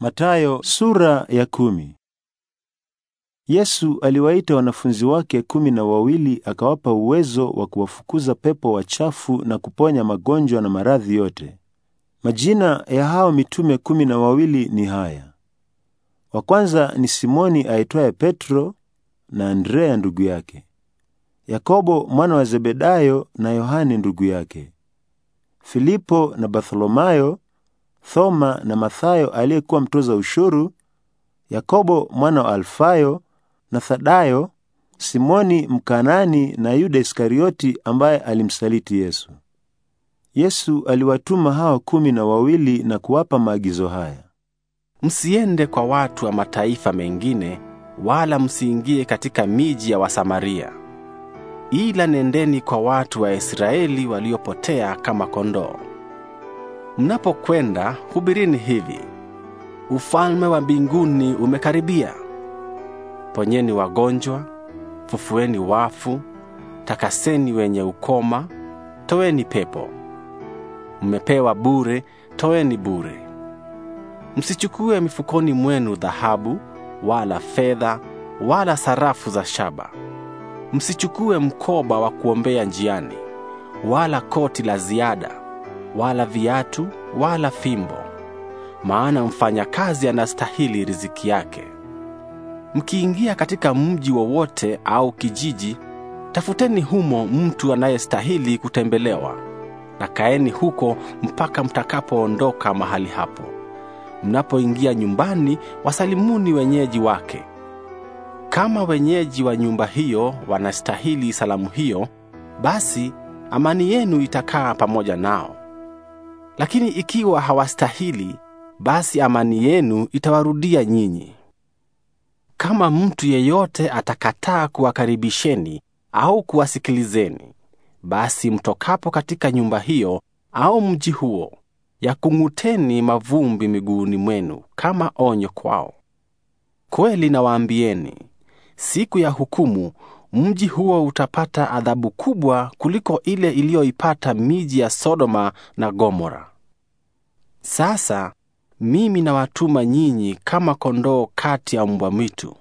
Matayo sura ya kumi. Yesu aliwaita wanafunzi wake kumi na wawili akawapa uwezo wa kuwafukuza pepo wachafu na kuponya magonjwa na maradhi yote. Majina ya hao mitume kumi na wawili ni haya: wa kwanza ni Simoni aitwaye Petro na Andrea ndugu yake, Yakobo mwana wa Zebedayo na Yohane ndugu yake, Filipo na Bartholomayo Thoma na Mathayo aliyekuwa mtoza ushuru, Yakobo mwana wa Alfayo na Thadayo, Simoni Mkanani na Yuda Iskarioti ambaye alimsaliti Yesu. Yesu aliwatuma hawa kumi na wawili na kuwapa maagizo haya: msiende kwa watu wa mataifa mengine, wala msiingie katika miji ya Wasamaria, ila nendeni kwa watu wa Israeli waliopotea kama kondoo mnapokwenda hubirini hivi: ufalme wa mbinguni umekaribia. Ponyeni wagonjwa, fufueni wafu, takaseni wenye ukoma, toweni pepo. Mmepewa bure, toweni bure. Msichukue mifukoni mwenu dhahabu wala fedha wala sarafu za shaba. Msichukue mkoba wa kuombea njiani, wala koti la ziada wala viatu wala fimbo, maana mfanyakazi anastahili riziki yake. Mkiingia katika mji wowote au kijiji, tafuteni humo mtu anayestahili kutembelewa, na kaeni huko mpaka mtakapoondoka mahali hapo. Mnapoingia nyumbani, wasalimuni wenyeji wake. Kama wenyeji wa nyumba hiyo wanastahili salamu hiyo, basi amani yenu itakaa pamoja nao. Lakini ikiwa hawastahili, basi amani yenu itawarudia nyinyi. Kama mtu yeyote atakataa kuwakaribisheni au kuwasikilizeni, basi mtokapo katika nyumba hiyo au mji huo, yakung'uteni mavumbi miguuni mwenu kama onyo kwao. Kweli nawaambieni, siku ya hukumu mji huo utapata adhabu kubwa kuliko ile iliyoipata miji ya Sodoma na Gomora. Sasa mimi nawatuma nyinyi kama kondoo kati ya mbwa mwitu.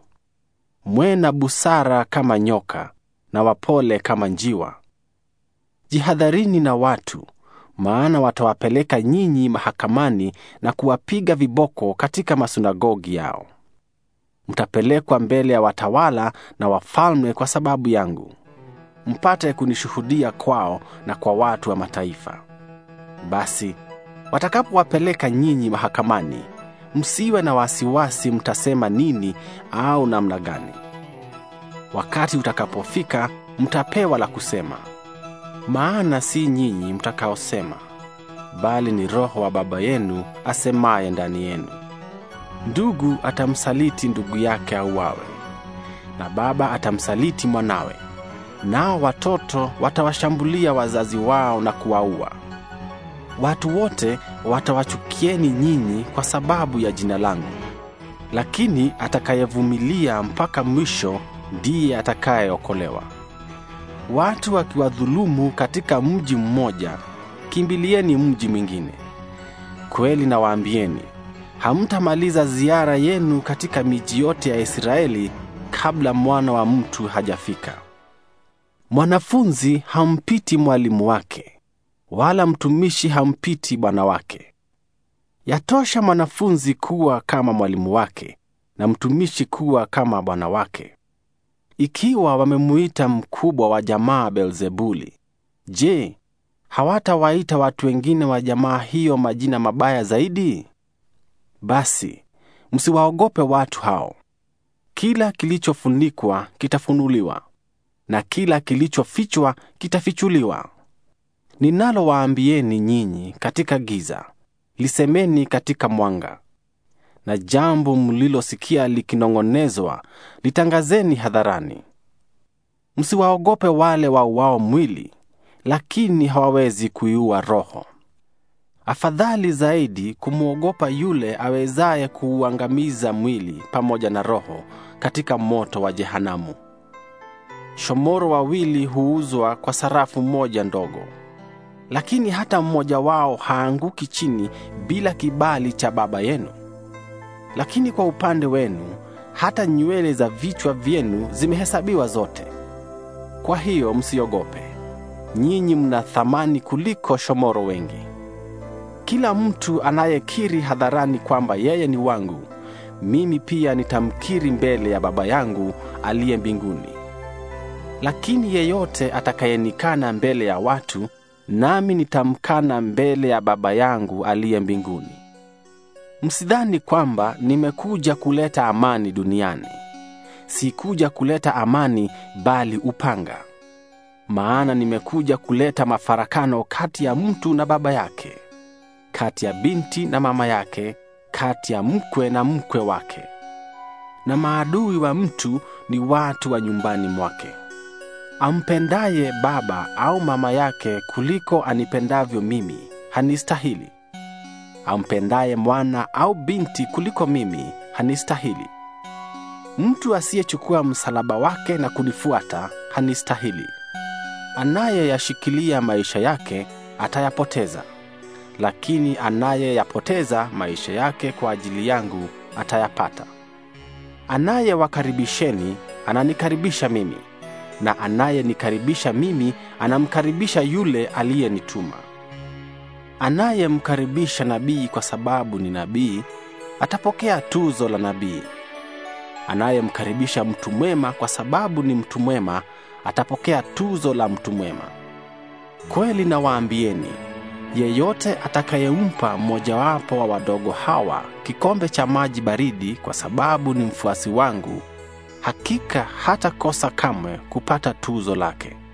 Mwe na busara kama nyoka na wapole kama njiwa. Jihadharini na watu, maana watawapeleka nyinyi mahakamani na kuwapiga viboko katika masunagogi yao mtapelekwa mbele ya watawala na wafalme kwa sababu yangu, mpate kunishuhudia kwao na kwa watu wa mataifa. Basi watakapowapeleka nyinyi mahakamani, msiwe na wasiwasi mtasema nini au namna gani. Wakati utakapofika, mtapewa la kusema, maana si nyinyi mtakaosema, bali ni Roho wa Baba yenu asemaye ndani yenu ndugu atamsaliti ndugu yake auawe, na baba atamsaliti mwanawe, nao watoto watawashambulia wazazi wao na kuwaua. Watu wote watawachukieni nyinyi kwa sababu ya jina langu, lakini atakayevumilia mpaka mwisho ndiye atakayeokolewa. Watu wakiwadhulumu katika mji mmoja, kimbilieni mji mwingine. Kweli nawaambieni hamtamaliza ziara yenu katika miji yote ya Israeli kabla mwana wa mtu hajafika. Mwanafunzi hampiti mwalimu wake, wala mtumishi hampiti bwana wake. Yatosha mwanafunzi kuwa kama mwalimu wake, na mtumishi kuwa kama bwana wake. Ikiwa wamemuita mkubwa wa jamaa Beelzebuli, je, hawatawaita watu wengine wa jamaa hiyo majina mabaya zaidi? Basi msiwaogope watu hao. Kila kilichofunikwa kitafunuliwa, na kila kilichofichwa kitafichuliwa. Ninalowaambieni nyinyi katika giza, lisemeni katika mwanga, na jambo mlilosikia likinong'onezwa, litangazeni hadharani. Msiwaogope wale wauao mwili, lakini hawawezi kuiua roho. Afadhali zaidi kumwogopa yule awezaye kuuangamiza mwili pamoja na roho katika moto wa jehanamu. Shomoro wawili huuzwa kwa sarafu moja ndogo, lakini hata mmoja wao haanguki chini bila kibali cha Baba yenu. Lakini kwa upande wenu, hata nywele za vichwa vyenu zimehesabiwa zote. Kwa hiyo msiogope, nyinyi mna thamani kuliko shomoro wengi. Kila mtu anayekiri hadharani kwamba yeye ni wangu, mimi pia nitamkiri mbele ya Baba yangu aliye mbinguni. Lakini yeyote atakayenikana mbele ya watu, nami nitamkana mbele ya Baba yangu aliye mbinguni. Msidhani kwamba nimekuja kuleta amani duniani. Sikuja kuleta amani, bali upanga. Maana nimekuja kuleta mafarakano kati ya mtu na baba yake, kati ya binti na mama yake, kati ya mkwe na mkwe wake. Na maadui wa mtu ni watu wa nyumbani mwake. Ampendaye baba au mama yake kuliko anipendavyo mimi hanistahili. Ampendaye mwana au binti kuliko mimi hanistahili. Mtu asiyechukua msalaba wake na kunifuata hanistahili. Anayeyashikilia maisha yake atayapoteza lakini anayeyapoteza maisha yake kwa ajili yangu atayapata. Anayewakaribisheni ananikaribisha mimi, na anayenikaribisha mimi anamkaribisha yule aliyenituma. Anayemkaribisha nabii kwa sababu ni nabii atapokea tuzo la nabii. Anayemkaribisha mtu mwema kwa sababu ni mtu mwema atapokea tuzo la mtu mwema. Kweli nawaambieni yeyote atakayempa mmojawapo wa wadogo hawa kikombe cha maji baridi kwa sababu ni mfuasi wangu, hakika hatakosa kamwe kupata tuzo lake.